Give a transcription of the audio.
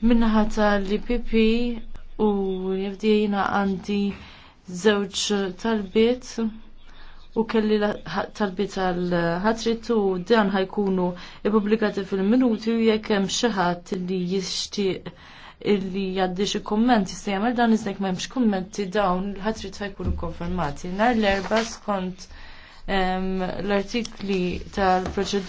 Minnaħat li ipp u jibdijina għandi zewċ talbiet u kelli talbiet għal ħatritu ħatrit u dan ħajkunu i-publikati fil-minuti u jekk hemm xi ħadd li jixtieq illi jaddi xi kumment jista' jagħmel dan iżdek m'hemmx kummenti dawn il-ħatrit ħajkunu konfermati. Nhar l-erba skont ehm, l-artikli tal-proċedur